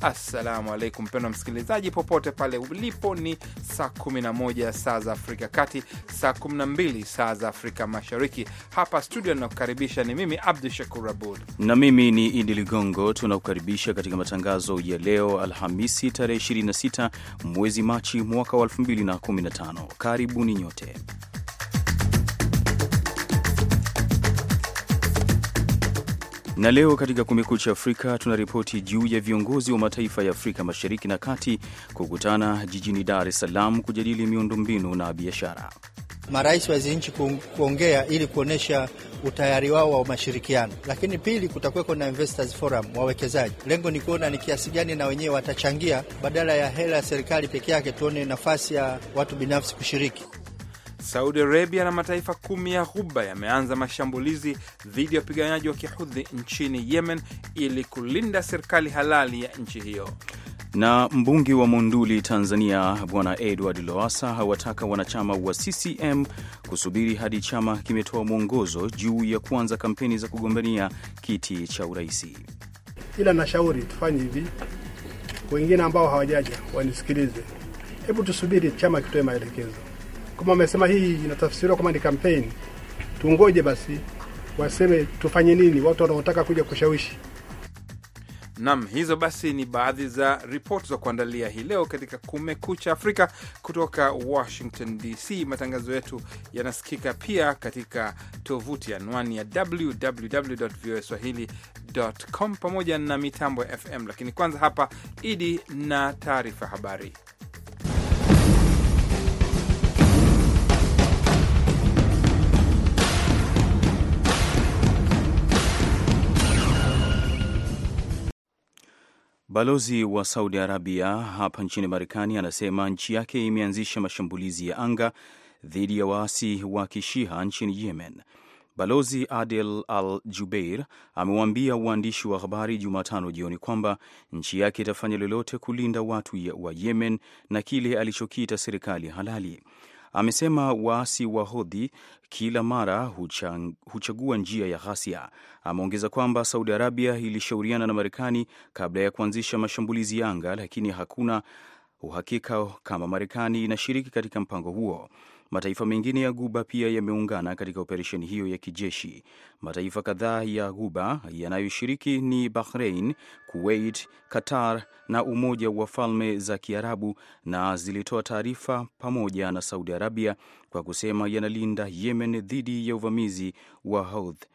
Assalamu alaikum mpendwa msikilizaji, popote pale ulipo, ni saa 11 saa za Afrika Kati, saa 12 saa za Afrika Mashariki. Hapa studio ninakukaribisha ni mimi Abdu Shakur Abud na mimi ni Idi Ligongo. Tunakukaribisha katika matangazo ya leo Alhamisi tarehe 26 mwezi Machi mwaka wa 2015. Karibuni nyote. Na leo katika Kumekucha Afrika tunaripoti juu ya viongozi wa mataifa ya Afrika Mashariki na Kati kukutana jijini Dar es Salaam kujadili miundombinu na biashara. Marais wa hizi nchi kuongea ili kuonyesha utayari wao wa mashirikiano. Lakini pili, kutakuweko na investors forum, wawekezaji. Lengo ni kuona ni kiasi gani na wenyewe watachangia, badala ya hela ya serikali peke yake, tuone nafasi ya watu binafsi kushiriki. Saudi Arabia na mataifa kumi ya Ghuba yameanza mashambulizi dhidi ya wapiganaji wa kihudhi nchini Yemen ili kulinda serikali halali ya nchi hiyo. Na mbunge wa Monduli, Tanzania, Bwana Edward loasa hawataka wanachama wa CCM kusubiri hadi chama kimetoa mwongozo juu ya kuanza kampeni za kugombania kiti cha uraisi. Ila nashauri tufanye hivi, wengine ambao hawajaja wanisikilize, hebu tusubiri chama kitoe maelekezo kama wamesema hii inatafsiriwa kama ni kampeni, tungoje basi waseme tufanye nini, watu wanaotaka kuja kushawishi. Nam, hizo basi ni baadhi za ripoti za kuandalia hii leo katika Kumekucha Afrika kutoka Washington DC. Matangazo yetu yanasikika pia katika tovuti anwani ya www voa swahili.com pamoja na mitambo ya FM. Lakini kwanza hapa Idi na taarifa habari. Balozi wa Saudi Arabia hapa nchini Marekani anasema nchi yake imeanzisha mashambulizi ya anga dhidi ya waasi wa kishiha nchini Yemen. Balozi Adel Al Jubeir amewaambia waandishi wa habari Jumatano jioni kwamba nchi yake itafanya lolote kulinda watu wa Yemen na kile alichokiita serikali halali. Amesema waasi wa Hodhi kila mara huchang, huchagua njia ya ghasia. Ameongeza kwamba Saudi Arabia ilishauriana na Marekani kabla ya kuanzisha mashambulizi ya anga, lakini hakuna uhakika kama Marekani inashiriki katika mpango huo. Mataifa mengine ya Guba pia yameungana katika operesheni hiyo ya kijeshi. Mataifa kadhaa ya Guba yanayoshiriki ni Bahrain, Kuwait, Qatar na Umoja wa Falme za Kiarabu, na zilitoa taarifa pamoja na Saudi Arabia kwa kusema yanalinda Yemen dhidi ya uvamizi wa Houthi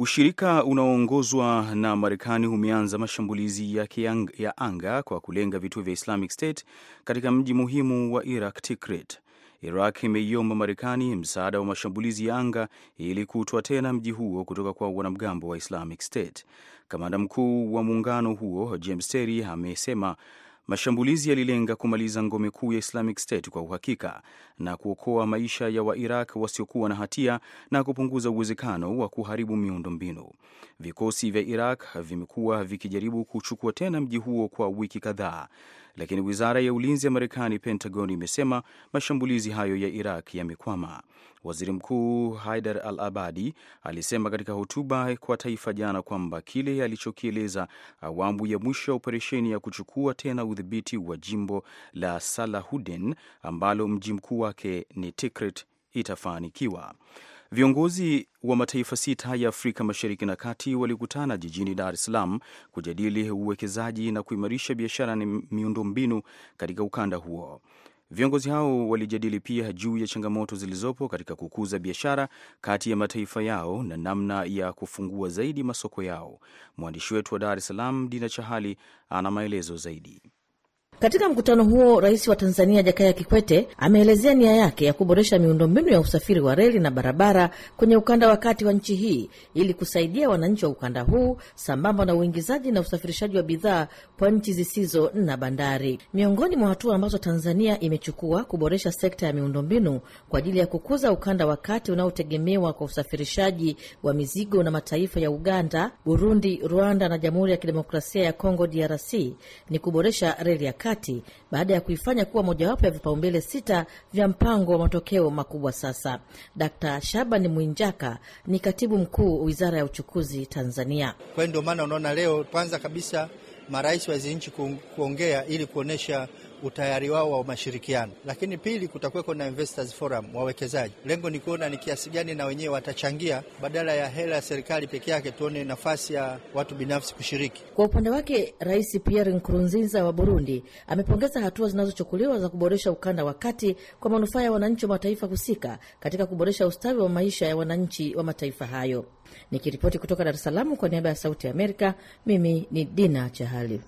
Ushirika unaoongozwa na Marekani umeanza mashambulizi yake ya anga kwa kulenga vituo vya Islamic State katika mji muhimu wa Iraq, Tikrit. Iraq imeiomba Marekani msaada wa mashambulizi ya anga ili kutwa tena mji huo kutoka kwa wanamgambo wa Islamic State. Kamanda mkuu wa muungano huo James Terry amesema Mashambulizi yalilenga kumaliza ngome kuu ya Islamic State kwa uhakika na kuokoa maisha ya Wairaq wasiokuwa na hatia na kupunguza uwezekano wa kuharibu miundo mbinu Vikosi vya Iraq vimekuwa vikijaribu kuchukua tena mji huo kwa wiki kadhaa lakini wizara ya ulinzi ya Marekani, Pentagon, imesema mashambulizi hayo ya Iraq yamekwama. Waziri Mkuu Haidar al Abadi alisema katika hotuba kwa taifa jana kwamba kile alichokieleza awamu ya mwisho ya operesheni ya kuchukua tena udhibiti wa jimbo la Salahuden ambalo mji mkuu wake ni Tikrit itafanikiwa. Viongozi wa mataifa sita ya Afrika Mashariki na Kati walikutana jijini Dar es Salaam kujadili uwekezaji na kuimarisha biashara na miundombinu katika ukanda huo. Viongozi hao walijadili pia juu ya changamoto zilizopo katika kukuza biashara kati ya mataifa yao na namna ya kufungua zaidi masoko yao. Mwandishi wetu wa Dar es Salaam, Dina Chahali, ana maelezo zaidi. Katika mkutano huo, rais wa Tanzania Jakaya Kikwete ameelezea nia yake ya kuboresha miundombinu ya usafiri wa reli na barabara kwenye ukanda wa kati wa nchi hii ili kusaidia wananchi wa ukanda huu sambamba na uingizaji na usafirishaji wa bidhaa kwa nchi zisizo na bandari. Miongoni mwa hatua ambazo Tanzania imechukua kuboresha sekta ya miundombinu kwa ajili ya kukuza ukanda wa kati unaotegemewa kwa usafirishaji wa mizigo na mataifa ya Uganda, Burundi, Rwanda na Jamhuri ya Kidemokrasia ya Kongo DRC ni kuboresha reli ya mikakati baada ya kuifanya kuwa mojawapo ya vipaumbele sita vya mpango wa matokeo makubwa. Sasa Dkt. Shaban Mwinjaka ni katibu mkuu Wizara ya Uchukuzi Tanzania. Kwa hiyo ndio maana unaona leo kwanza kabisa marais wa hizi nchi kuongea ili kuonyesha utayari wao wa mashirikiano, lakini pili, kutakuweko na investors forum, wawekezaji. Lengo ni kuona ni kiasi gani na wenyewe watachangia, badala ya hela ya serikali peke yake, tuone nafasi ya watu binafsi kushiriki. Kwa upande wake, Rais Pierre Nkurunziza wa Burundi amepongeza hatua zinazochukuliwa za kuboresha ukanda wa kati kwa manufaa ya wananchi wa mataifa husika katika kuboresha ustawi wa maisha ya wananchi wa mataifa hayo. Nikiripoti kutoka Dar es Salaam kwa niaba ya Sauti ya Amerika, mimi ni Dina Chahali.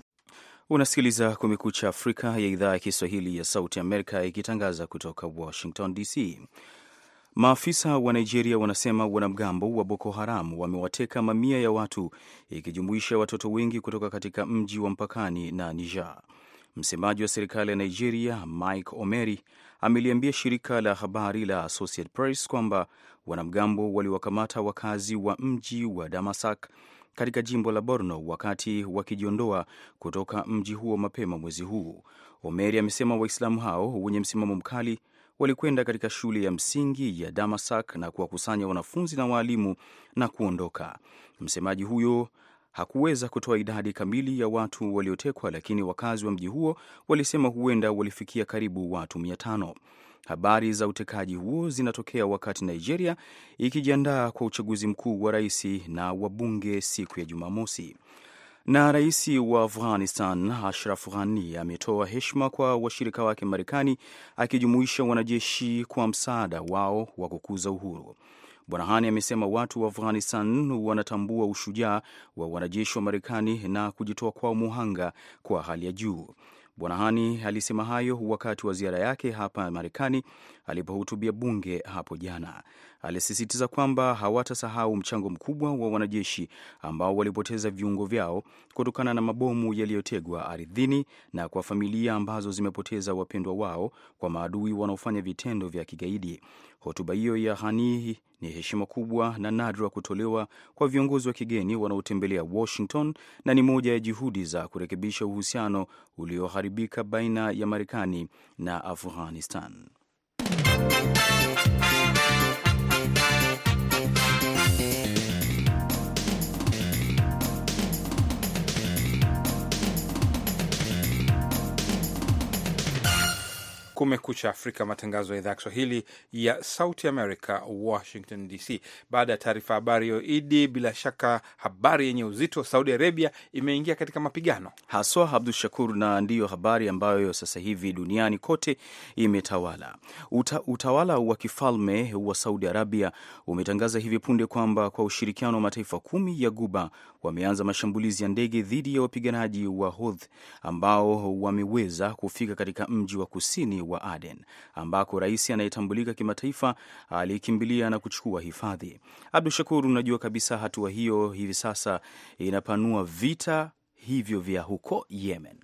Unasikiliza Kumekucha Afrika ya idhaa ya Kiswahili ya Sauti Amerika ikitangaza kutoka Washington DC. Maafisa wa Nigeria wanasema wanamgambo wa Boko Haram wamewateka mamia ya watu ikijumuisha watoto wengi kutoka katika mji wa mpakani na Niger. Msemaji wa serikali ya Nigeria Mike Omeri ameliambia shirika la habari la Associated Press kwamba wanamgambo waliwakamata wakazi wa mji wa Damasak katika jimbo la Borno wakati wakijiondoa kutoka mji huo mapema mwezi huu. Omeri amesema Waislamu hao wenye msimamo mkali walikwenda katika shule ya msingi ya Damasak na kuwakusanya wanafunzi na waalimu na kuondoka. Msemaji huyo hakuweza kutoa idadi kamili ya watu waliotekwa, lakini wakazi wa mji huo walisema huenda walifikia karibu watu mia tano. Habari za utekaji huo zinatokea wakati Nigeria ikijiandaa kwa uchaguzi mkuu wa rais na wabunge siku ya Jumamosi. Na rais wa Afghanistan Ashraf Ghani ametoa heshima kwa washirika wake Marekani, akijumuisha wanajeshi kwa msaada wao wa kukuza uhuru. Bwana Hani amesema watu wa Afghanistan wanatambua ushujaa wa wanajeshi wa Marekani na kujitoa kwao muhanga kwa hali ya juu. Bwana Hani alisema hayo wakati wa ziara yake hapa Marekani alipohutubia bunge hapo jana alisisitiza kwamba hawatasahau mchango mkubwa wa wanajeshi ambao walipoteza viungo vyao kutokana na mabomu yaliyotegwa ardhini na kwa familia ambazo zimepoteza wapendwa wao kwa maadui wanaofanya vitendo vya kigaidi. Hotuba hiyo ya Ghani ni heshima kubwa na nadra kutolewa kwa viongozi wa kigeni wanaotembelea Washington na ni moja ya juhudi za kurekebisha uhusiano ulioharibika baina ya Marekani na Afghanistan. Kumekucha Afrika, matangazo ya idhaa ya Kiswahili ya Sauti America, Washington DC. Baada ya taarifa habari hiyo, Idi, bila shaka habari yenye uzito, Saudi Arabia imeingia katika mapigano haswa, Abdu Shakur, na ndiyo habari ambayo sasa hivi duniani kote imetawala. Uta, utawala wa kifalme wa Saudi Arabia umetangaza hivi punde kwamba kwa ushirikiano wa mataifa kumi ya Guba wameanza mashambulizi ya ndege dhidi ya wapiganaji wa Houthi ambao wameweza kufika katika mji wa kusini wa Aden ambako rais anayetambulika kimataifa alikimbilia na kuchukua hifadhi. Abdu Shakur, unajua kabisa hatua hiyo hivi sasa inapanua vita hivyo vya huko Yemen.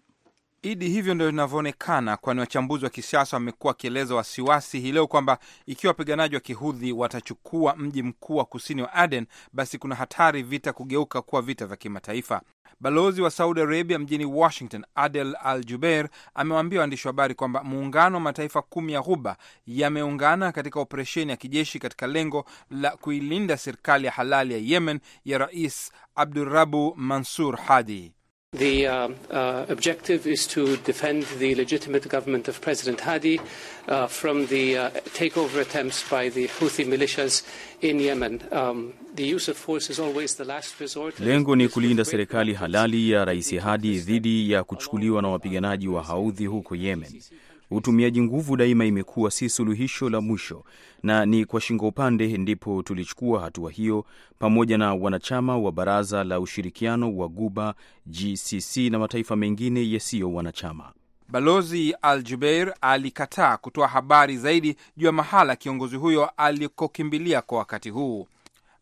Idi, hivyo ndio inavyoonekana, kwani wachambuzi wa kisiasa wamekuwa wakieleza wasiwasi hii leo kwamba ikiwa wapiganaji wa kihudhi watachukua mji mkuu wa kusini wa Aden, basi kuna hatari vita kugeuka kuwa vita vya kimataifa. Balozi wa Saudi Arabia mjini Washington, Adel Al Jubeir, amewaambia waandishi wa habari kwamba muungano wa mataifa kumi ya Ghuba yameungana katika operesheni ya kijeshi katika lengo la kuilinda serikali ya halali ya Yemen ya Rais Abdurabu Mansur Hadi. The uh, uh, objective is to defend the legitimate government of President Hadi uh, from the uh, takeover attempts by the Houthi militias in Yemen. Um, the use of force is always the last resort. Lengo ni kulinda serikali halali ya Rais Hadi dhidi ya kuchukuliwa na wapiganaji wa Houthi huko Yemen. Utumiaji nguvu daima imekuwa si suluhisho la mwisho, na ni kwa shingo upande ndipo tulichukua hatua hiyo pamoja na wanachama wa Baraza la Ushirikiano wa Guba GCC na mataifa mengine yasiyo wanachama. Balozi Al Jubeir alikataa kutoa habari zaidi juu ya mahala kiongozi huyo alikokimbilia kwa wakati huu.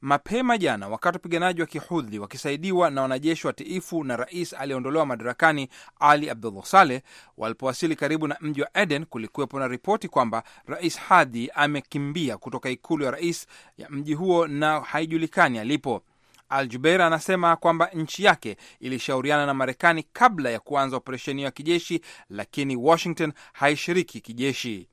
Mapema jana, wakati wapiganaji wa kihudhi wakisaidiwa na wanajeshi watiifu na rais aliyeondolewa madarakani Ali Abdullah Saleh walipowasili karibu na mji wa Eden, kulikuwepo na ripoti kwamba Rais Hadi amekimbia kutoka ikulu ya rais ya mji huo na haijulikani alipo. Al Jubeir anasema kwamba nchi yake ilishauriana na Marekani kabla ya kuanza operesheni hiyo ya kijeshi, lakini Washington haishiriki kijeshi.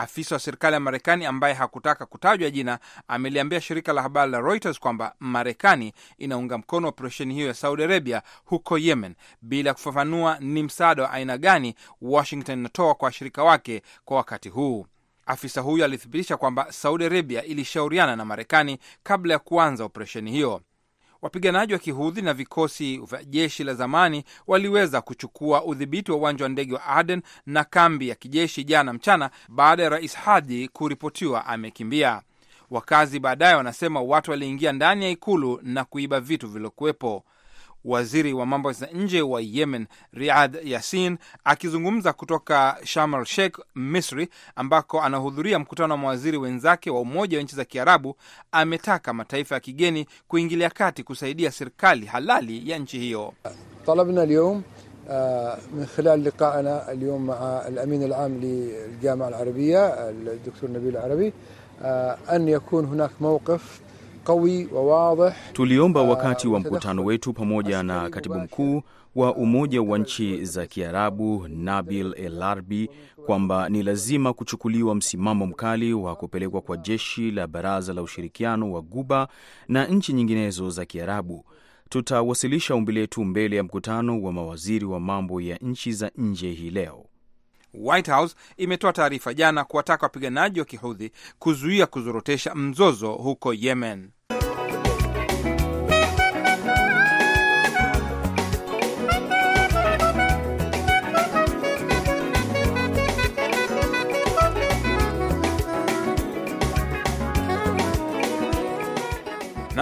Afisa wa serikali ya Marekani ambaye hakutaka kutajwa jina ameliambia shirika la habari la Reuters kwamba Marekani inaunga mkono operesheni hiyo ya Saudi Arabia huko Yemen, bila kufafanua ni msaada wa aina gani Washington inatoa kwa washirika wake kwa wakati huu. Afisa huyo alithibitisha kwamba Saudi Arabia ilishauriana na Marekani kabla ya kuanza operesheni hiyo. Wapiganaji wa kihudhi na vikosi vya jeshi la zamani waliweza kuchukua udhibiti wa uwanja wa ndege wa Aden na kambi ya kijeshi jana mchana baada ya rais Hadi kuripotiwa amekimbia. Wakazi baadaye wanasema watu waliingia ndani ya ikulu na kuiba vitu vilivyokuwepo waziri wa mambo za nje wa Yemen Riad Yasin akizungumza kutoka Sharm el Sheikh, Misri, ambako anahudhuria mkutano wa mawaziri wenzake wa Umoja wa Nchi za Kiarabu, ametaka mataifa ya kigeni kuingilia kati kusaidia serikali halali ya nchi hiyo. talabna alyawm uh, min khilal liqaana alyawm maa alamin alam liljamaa alarabia aldoktor Nabil Arabi uh, an yakun hunak mawqif Tuliomba wakati wa uh, mkutano wetu pamoja na katibu mkuu wa Umoja wa Nchi za Kiarabu Nabil El Arbi kwamba ni lazima kuchukuliwa msimamo mkali wa kupelekwa kwa jeshi la Baraza la Ushirikiano wa Guba na nchi nyinginezo za Kiarabu. Tutawasilisha ombi letu mbele ya mkutano wa mawaziri wa mambo ya nchi za nje hii leo. White House imetoa taarifa jana kuwataka wapiganaji wa kihudhi kuzuia kuzorotesha mzozo huko Yemen.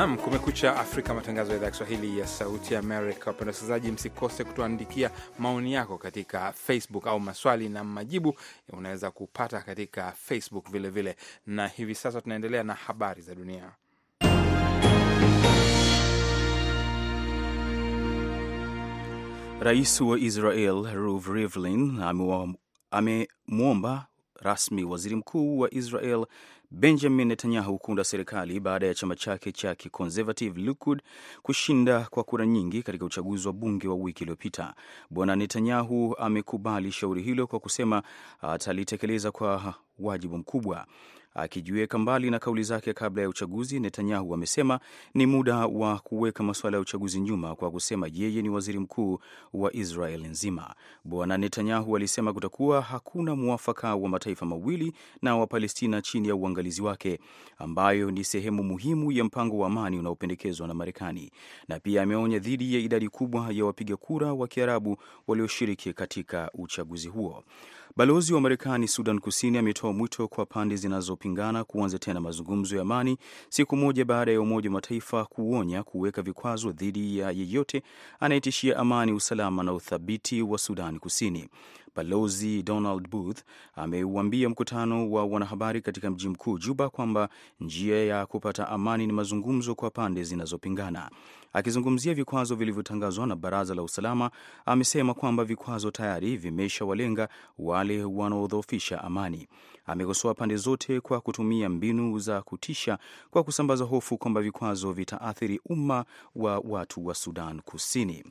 Nam kumekucha Afrika, matangazo ya idhaa ya Kiswahili ya Sauti ya Amerika. Wapenda wasikilizaji, msikose kutuandikia maoni yako katika Facebook au maswali na majibu unaweza kupata katika Facebook vilevile vile. Na hivi sasa tunaendelea na habari za dunia. Rais wa Israel Ruv Rivlin amemwomba rasmi waziri mkuu wa Israel Benjamin Netanyahu kuunda serikali baada ya chama chake cha kiconservative Likud kushinda kwa kura nyingi katika uchaguzi wa bunge wa wiki iliyopita. Bwana Netanyahu amekubali shauri hilo kwa kusema atalitekeleza kwa wajibu mkubwa. Akijiweka mbali na kauli zake kabla ya uchaguzi, Netanyahu amesema ni muda wa kuweka masuala ya uchaguzi nyuma kwa kusema yeye ni waziri mkuu wa Israel nzima. Bwana Netanyahu alisema kutakuwa hakuna mwafaka wa mataifa mawili na Wapalestina chini ya uangalizi wake, ambayo ni sehemu muhimu ya mpango wa amani unaopendekezwa na Marekani, na pia ameonya dhidi ya idadi kubwa ya wapiga kura wa Kiarabu walioshiriki katika uchaguzi huo. Balozi wa Marekani Sudan Kusini ametoa mwito kwa pande zinazo kupingana kuanza tena mazungumzo ya amani siku moja baada ya Umoja wa Mataifa kuonya kuweka vikwazo dhidi ya yeyote anayetishia amani, usalama na uthabiti wa Sudan Kusini. Balozi Donald Booth ameuambia mkutano wa wanahabari katika mji mkuu Juba kwamba njia ya kupata amani ni mazungumzo kwa pande zinazopingana. Akizungumzia vikwazo vilivyotangazwa na Baraza la Usalama, amesema kwamba vikwazo tayari vimeshawalenga wale wanaodhoofisha amani. Amekosoa pande zote kwa kutumia mbinu za kutisha kwa kusambaza hofu kwamba vikwazo vitaathiri umma wa watu wa Sudan Kusini.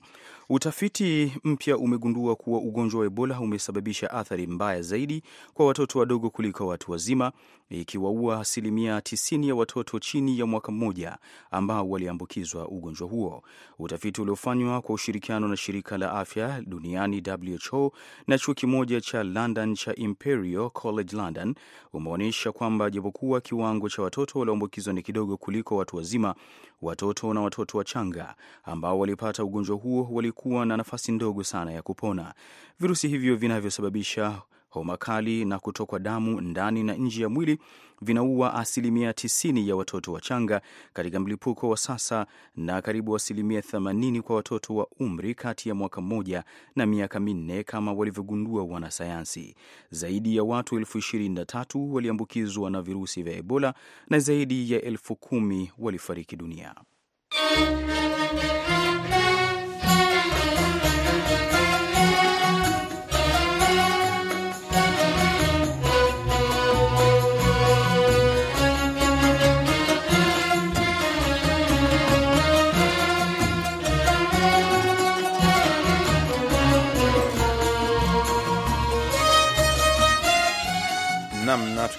Utafiti mpya umegundua kuwa ugonjwa wa Ebola umesababisha athari mbaya zaidi kwa watoto wadogo kuliko watu wazima, ikiwaua asilimia 90 ya watoto chini ya mwaka mmoja ambao waliambukizwa ugonjwa huo. Utafiti uliofanywa kwa ushirikiano na shirika la afya duniani WHO na chuo kimoja cha London cha Imperial College London umeonyesha kwamba japokuwa kiwango cha watoto walioambukizwa ni kidogo kuliko watu wazima, watoto na watoto wachanga ambao walipata ugonjwa huo walikuwa na nafasi ndogo sana ya kupona. Virusi hivyo vinavyosababisha homa kali na kutokwa damu ndani na nje ya mwili vinaua asilimia 90 ya watoto wachanga katika mlipuko wa sasa na karibu asilimia 80 kwa watoto wa umri kati ya mwaka mmoja na miaka minne, kama walivyogundua wanasayansi. Zaidi ya watu elfu 23 waliambukizwa na virusi vya Ebola na zaidi ya elfu kumi walifariki dunia.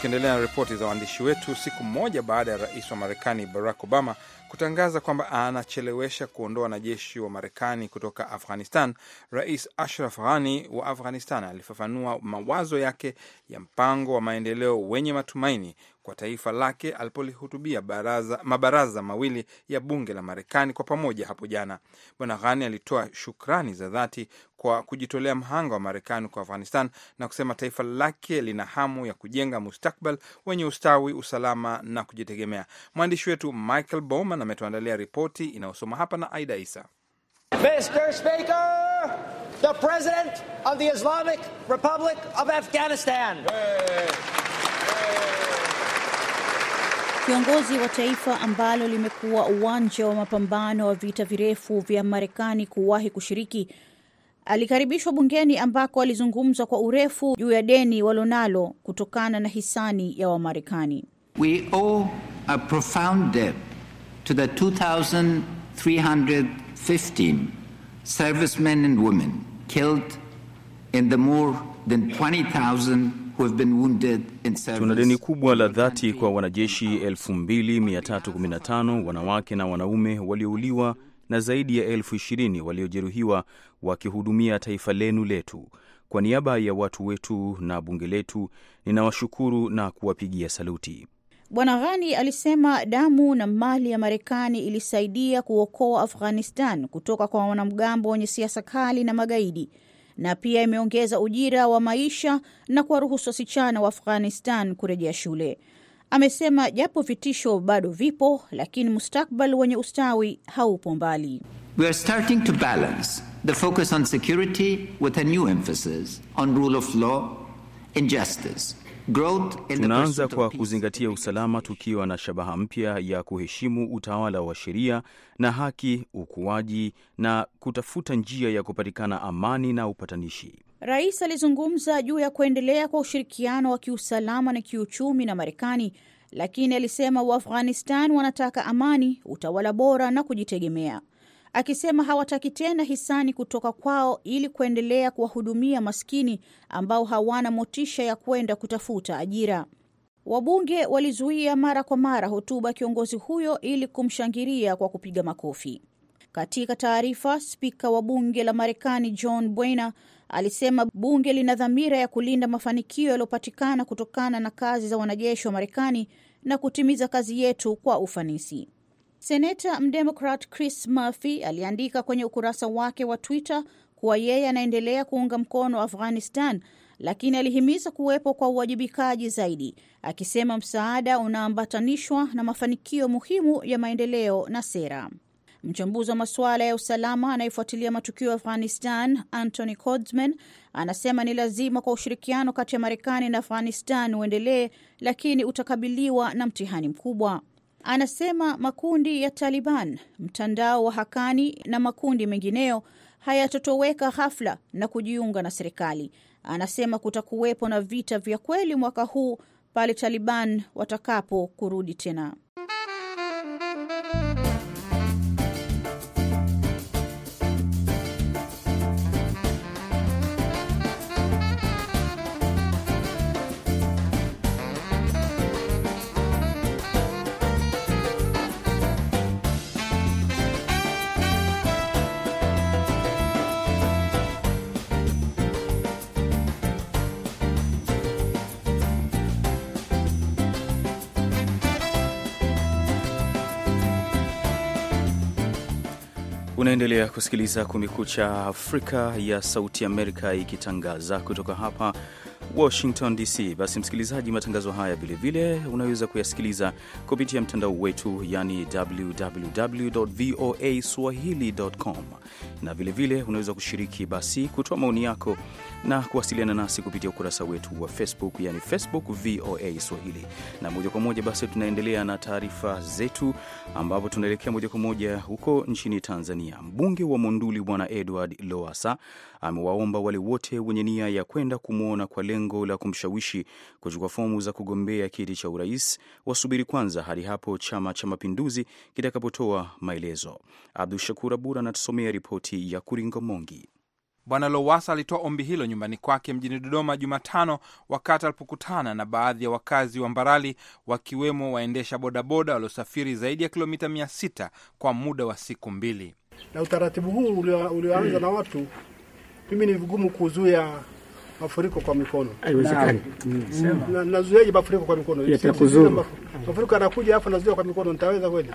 Tukiendelea na ripoti za waandishi wetu, siku moja baada ya rais wa Marekani Barack Obama kutangaza kwamba anachelewesha kuondoa wanajeshi wa Marekani kutoka Afghanistan, Rais Ashraf Ghani wa Afghanistan alifafanua mawazo yake ya mpango wa maendeleo wenye matumaini kwa taifa lake alipolihutubia mabaraza mawili ya bunge la Marekani kwa pamoja hapo jana. Bwana Ghani alitoa shukrani za dhati kwa kujitolea mhanga wa Marekani kwa Afghanistan na kusema taifa lake lina hamu ya kujenga mustakbal wenye ustawi, usalama na kujitegemea. Mwandishi wetu Michael Bowman ametuandalia ripoti inayosoma hapa na Aida Isa. Mr. Speaker, the President of the Islamic Republic of Afghanistan. Hey. Kiongozi wa taifa ambalo limekuwa uwanja wa mapambano wa vita virefu vya Marekani kuwahi kushiriki alikaribishwa bungeni ambako alizungumza kwa urefu juu ya deni walonalo kutokana na hisani ya Wamarekani. We owe a profound debt to the 2315 servicemen and women killed in the more than 20,000 Tuna deni kubwa la dhati kwa wanajeshi 2315 wanawake na wanaume waliouliwa na zaidi ya elfu ishirini waliojeruhiwa wakihudumia taifa lenu letu. Kwa niaba ya watu wetu na bunge letu, ninawashukuru na kuwapigia saluti. Bwana Ghani alisema damu na mali ya Marekani ilisaidia kuokoa Afghanistan kutoka kwa wanamgambo wenye siasa kali na magaidi na pia imeongeza ujira wa maisha na kuwaruhusu wasichana wa Afghanistan kurejea shule. Amesema japo vitisho bado vipo, lakini mustakbal wenye ustawi haupo mbali. We are starting to balance the focus on security with a new emphasis on rule of law and justice Tunaanza kwa kuzingatia usalama tukiwa na shabaha mpya ya kuheshimu utawala wa sheria na haki, ukuaji na kutafuta njia ya kupatikana amani na upatanishi. Rais alizungumza juu ya kuendelea kwa ushirikiano wa kiusalama na kiuchumi na Marekani, lakini alisema Waafghanistan wanataka amani, utawala bora na kujitegemea akisema hawataki tena hisani kutoka kwao ili kuendelea kuwahudumia maskini ambao hawana motisha ya kwenda kutafuta ajira. Wabunge walizuia mara kwa mara hotuba kiongozi huyo ili kumshangilia kwa kupiga makofi. Katika taarifa, spika wa bunge la Marekani John Bwena alisema bunge lina dhamira ya kulinda mafanikio yaliyopatikana kutokana na kazi za wanajeshi wa Marekani na kutimiza kazi yetu kwa ufanisi. Seneta mdemokrat Chris Murphy aliandika kwenye ukurasa wake wa Twitter kuwa yeye anaendelea kuunga mkono Afghanistan, lakini alihimiza kuwepo kwa uwajibikaji zaidi, akisema msaada unaambatanishwa na mafanikio muhimu ya maendeleo na sera. Mchambuzi wa masuala ya usalama anayefuatilia matukio ya Afghanistan, Anthony Codsman, anasema ni lazima kwa ushirikiano kati ya Marekani na Afghanistan uendelee, lakini utakabiliwa na mtihani mkubwa. Anasema makundi ya Taliban, mtandao wa Hakani na makundi mengineyo hayatotoweka ghafla na kujiunga na serikali. Anasema kutakuwepo na vita vya kweli mwaka huu pale Taliban watakapo kurudi tena. Unaendelea kusikiliza Kumekucha Afrika ya Sauti Amerika ikitangaza kutoka hapa Washington DC. Basi msikilizaji, matangazo haya vilevile unaweza kuyasikiliza kupitia mtandao wetu, yani www voa swahili.com, na vilevile unaweza kushiriki basi, kutoa maoni yako na kuwasiliana nasi kupitia ukurasa wetu wa Facebook, yani Facebook VOA Swahili. Na moja kwa moja basi tunaendelea na taarifa zetu, ambapo tunaelekea moja kwa moja huko nchini Tanzania. Mbunge wa Monduli Bwana Edward Lowasa amewaomba wale wote wenye nia ya kwenda kumwona kwa lengo lengo la kumshawishi kuchukua fomu za kugombea kiti cha urais wasubiri kwanza hadi hapo Chama cha Mapinduzi kitakapotoa maelezo. Abdu Shakur Abura anatusomea ripoti ya Kuringo Mongi. Bwana Lowasa alitoa ombi hilo nyumbani kwake mjini Dodoma Jumatano wakati alipokutana na baadhi ya wakazi wa Mbarali, wakiwemo waendesha bodaboda waliosafiri zaidi ya kilomita mia sita kwa muda wa siku mbili. Na utaratibu huu ulioanza na watu, mimi ni vigumu kuzuia mafuriko kwa mikono. Haiwezekani. Na nazuiaje mafuriko kwa mikono? Yatakuzuru. Mafuriko yanakuja hapo nazuia kwa mikono nitaweza kweli?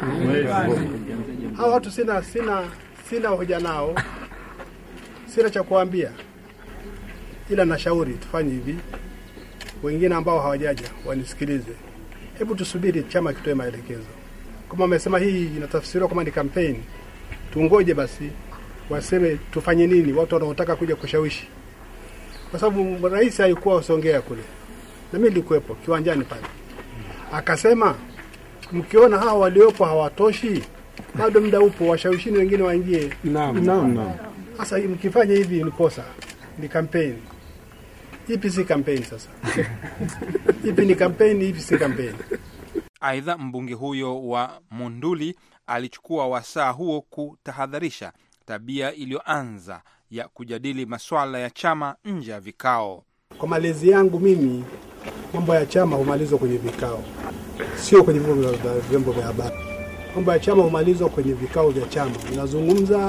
Hao watu sina sina sina hoja nao. Sina cha kuambia. Ila nashauri tufanye hivi. Wengine ambao hawajaja wanisikilize. Hebu tusubiri chama kitoe maelekezo. Kama wamesema hii inatafsiriwa kama ni kampeni, tungoje basi waseme tufanye nini, watu wanaotaka kuja kushawishi kwa sababu rais alikuwa Songea kule na mimi nilikuwepo kiwanjani pale, akasema mkiona hawa waliopo hawatoshi, bado muda upo, washawishini wengine waingie. Naam, naam, naam. Sasa mkifanya hivi ni kosa, ni kampeni. Ipi si kampeni? Sasa ipi ni kampeni, ipi si kampeni? Aidha, mbunge huyo wa Munduli alichukua wasaa huo kutahadharisha tabia iliyoanza ya kujadili masuala ya chama nje ya vikao. Kwa malezi yangu mimi, mambo ya chama humalizwa kwenye vikao, sio kwenye vyombo vya habari. Mambo ya chama humalizwa kwenye vikao vya chama, mnazungumza,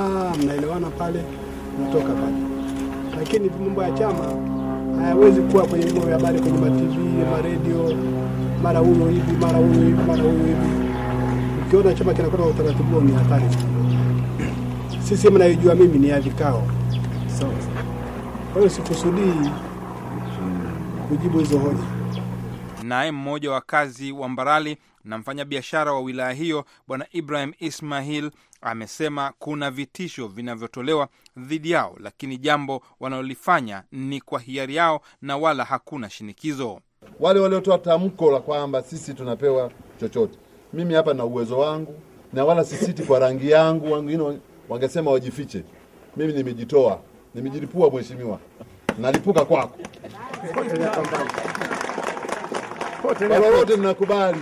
mnaelewana pale, mtoka pale, lakini mambo ya chama hayawezi kuwa kwenye vyombo vya habari, kwenye matv, maredio, mara huyo hivi, mara huyo hivi, mara huyo hivi. Ukiona chama kinakwenda kwa utaratibu ni hatari. Sisi mnayojua mimi ni ya vikao sawa. Kwa hiyo sikusudii kujibu hizo hoja. Naye mmoja wa kazi wa Mbarali na mfanyabiashara wa wilaya hiyo Bwana Ibrahim Ismail amesema kuna vitisho vinavyotolewa dhidi yao, lakini jambo wanalolifanya ni kwa hiari yao na wala hakuna shinikizo. Wale waliotoa tamko la kwamba sisi tunapewa chochote, mimi hapa na uwezo wangu na wala sisiti kwa rangi yangu, wengine wangesema wajifiche, mimi nimejitoa Nimejilipua mheshimiwa, nalipuka kwako wote ninakubali,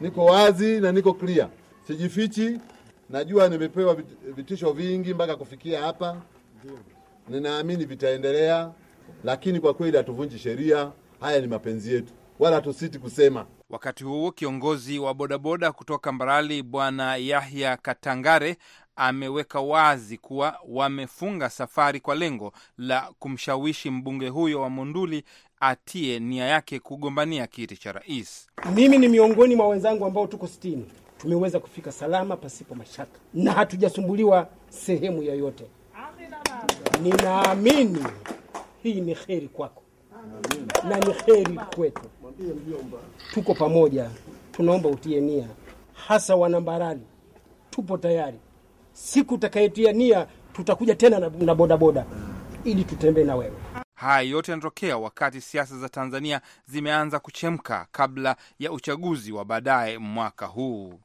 niko wazi na niko clear, sijifichi. Najua nimepewa vitisho vingi mpaka kufikia hapa, ninaamini vitaendelea, lakini kwa kweli hatuvunji sheria. Haya ni mapenzi yetu, wala hatusiti kusema. Wakati huo kiongozi wa bodaboda kutoka Mbarali Bwana Yahya Katangare ameweka wazi kuwa wamefunga safari kwa lengo la kumshawishi mbunge huyo wa Monduli atie nia yake kugombania kiti cha rais. Mimi ni miongoni mwa wenzangu ambao tuko sitini tumeweza kufika salama pasipo mashaka na hatujasumbuliwa sehemu yoyote. Ninaamini hii ni heri kwako na ni heri kwetu. Tuko pamoja, tunaomba utie nia, hasa Wanambarali tupo tayari siku utakayetia nia tutakuja tena na, na bodaboda ili tutembee na wewe. Haya yote yanatokea wakati siasa za Tanzania zimeanza kuchemka kabla ya uchaguzi wa baadaye mwaka huu.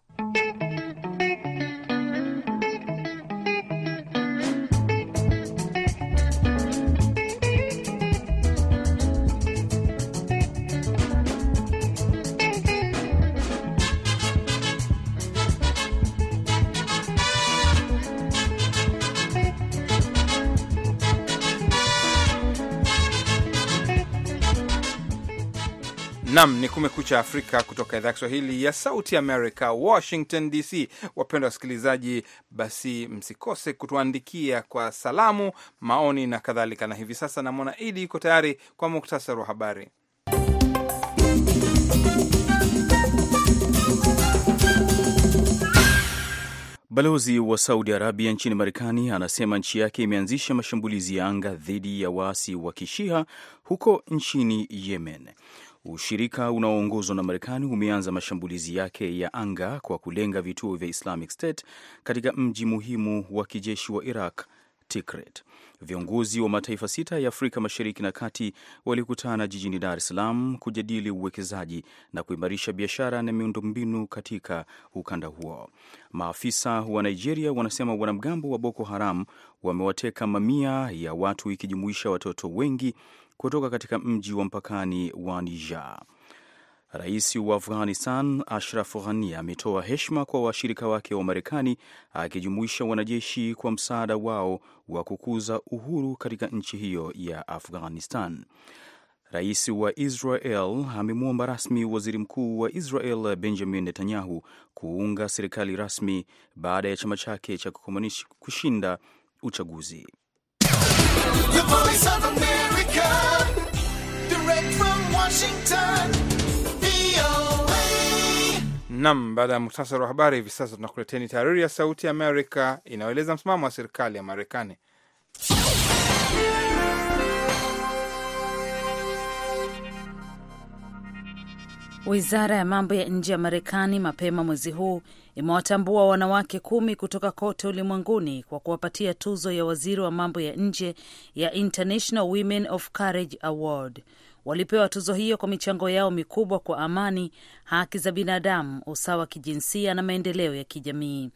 Nam ni Kumekucha Afrika kutoka idhaa ya Kiswahili ya Sauti Amerika, Washington DC. Wapendwa wasikilizaji, basi msikose kutuandikia kwa salamu, maoni na kadhalika. Na hivi sasa namwona Idi yuko tayari kwa muktasari wa habari. Balozi wa Saudi Arabia nchini Marekani anasema nchi yake imeanzisha mashambulizi ya anga dhidi ya waasi wa kishia huko nchini Yemen. Ushirika unaoongozwa na Marekani umeanza mashambulizi yake ya anga kwa kulenga vituo vya Islamic State katika mji muhimu wa kijeshi wa Iraq Tikrit. Viongozi wa mataifa sita ya Afrika Mashariki na Kati walikutana jijini Dar es Salaam kujadili uwekezaji na kuimarisha biashara na miundombinu katika ukanda huo. Maafisa wa Nigeria wanasema wanamgambo wa Boko Haram wamewateka mamia ya watu ikijumuisha watoto wengi kutoka katika mji wa mpakani wa Niger. Rais wa Afghanistan Ashraf Ghani ametoa heshima kwa washirika wake wa Marekani akijumuisha wanajeshi kwa msaada wao wa kukuza uhuru katika nchi hiyo ya Afghanistan. Rais wa Israel amemwomba rasmi waziri mkuu wa Israel Benjamin Netanyahu kuunga serikali rasmi baada ya chama chake cha kushinda uchaguzi. The Voice of America. Washington, nam. Baada ya muktasari wa habari, hivi sasa tunakuleteni tahariri ya Sauti ya Amerika inayoeleza msimamo wa serikali ya Marekani. Wizara ya mambo ya nje ya Marekani mapema mwezi huu imewatambua wanawake kumi kutoka kote ulimwenguni kwa kuwapatia tuzo ya waziri wa mambo ya nje ya International Women of Courage Award. Walipewa tuzo hiyo kwa michango yao mikubwa kwa amani haki za binadamu, usawa wa kijinsia na maendeleo ya kijamii.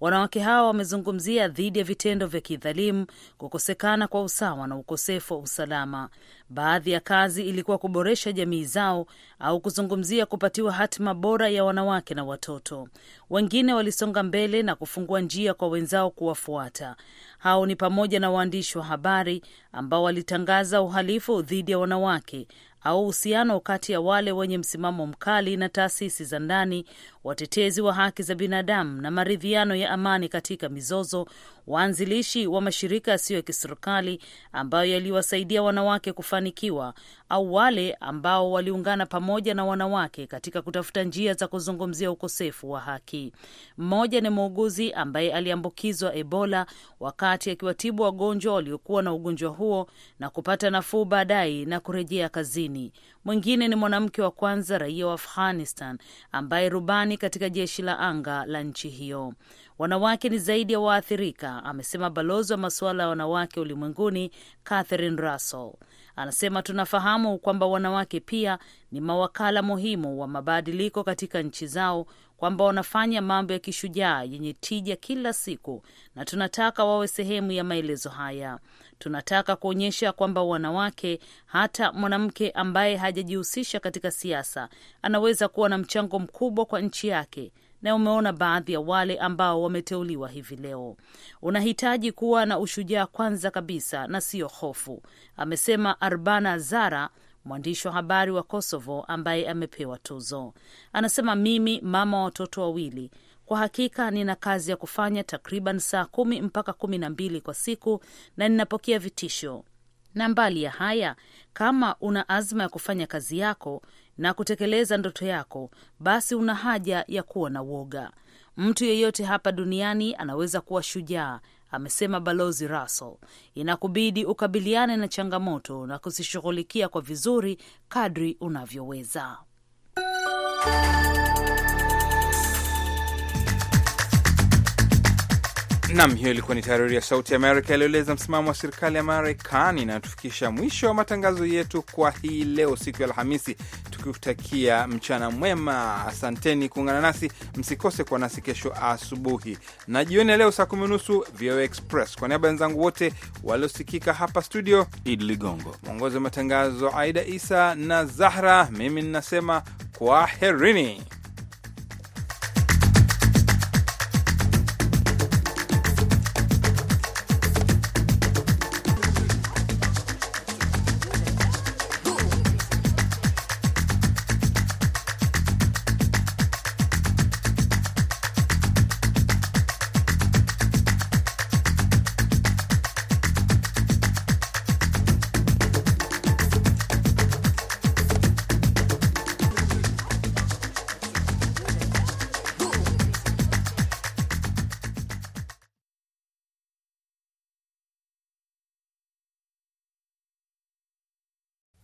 Wanawake hawa wamezungumzia dhidi ya vitendo vya kidhalimu, kukosekana kwa usawa na ukosefu wa usalama. Baadhi ya kazi ilikuwa kuboresha jamii zao au kuzungumzia kupatiwa hatima bora ya wanawake na watoto. Wengine walisonga mbele na kufungua njia kwa wenzao kuwafuata. Hao ni pamoja na waandishi wa habari ambao walitangaza uhalifu dhidi ya wanawake au uhusiano kati ya wale wenye msimamo mkali na taasisi za ndani, watetezi wa haki za binadamu na maridhiano ya amani katika mizozo, waanzilishi wa mashirika yasiyo ya kiserikali ambayo yaliwasaidia wanawake kufanikiwa, au wale ambao waliungana pamoja na wanawake katika kutafuta njia za kuzungumzia ukosefu wa haki. Mmoja ni muuguzi ambaye aliambukizwa Ebola wakati akiwatibu wagonjwa waliokuwa na ugonjwa huo na kupata nafuu baadaye na kurejea kazini ishirini. Mwingine ni mwanamke wa kwanza raia wa Afghanistan ambaye rubani katika jeshi la anga la nchi hiyo. Wanawake ni zaidi ya waathirika, amesema balozi wa masuala ya wanawake ulimwenguni Catherine Russell. Anasema tunafahamu kwamba wanawake pia ni mawakala muhimu wa mabadiliko katika nchi zao, kwamba wanafanya mambo ya kishujaa yenye tija kila siku, na tunataka wawe sehemu ya maelezo haya tunataka kuonyesha kwamba wanawake, hata mwanamke ambaye hajajihusisha katika siasa, anaweza kuwa na mchango mkubwa kwa nchi yake na umeona baadhi ya wale ambao wameteuliwa hivi leo. Unahitaji kuwa na ushujaa kwanza kabisa na siyo hofu, amesema Arbana Zara, mwandishi wa habari wa Kosovo ambaye amepewa tuzo. Anasema, mimi mama wa watoto wawili kwa hakika nina kazi ya kufanya takriban saa kumi mpaka kumi na mbili kwa siku na ninapokea vitisho. Na mbali ya haya, kama una azma ya kufanya kazi yako na kutekeleza ndoto yako, basi una haja ya kuwa na woga. Mtu yeyote hapa duniani anaweza kuwa shujaa, amesema Balozi Russell. Inakubidi ukabiliane na changamoto na kuzishughulikia kwa vizuri kadri unavyoweza. Nam, hiyo ilikuwa ni tahariri ya Sauti Amerika iliyoeleza msimamo wa serikali ya Marekani inayotufikisha mwisho wa matangazo yetu kwa hii leo, siku ya Alhamisi, tukikutakia mchana mwema. Asanteni kuungana nasi, msikose kuwa nasi kesho asubuhi na jioni ya leo saa kumi unusu VOA Express. Kwa niaba ya wenzangu wote waliosikika hapa studio, Idi Ligongo mwongozi wa matangazo, Aida Isa na Zahra, mimi ninasema kwa herini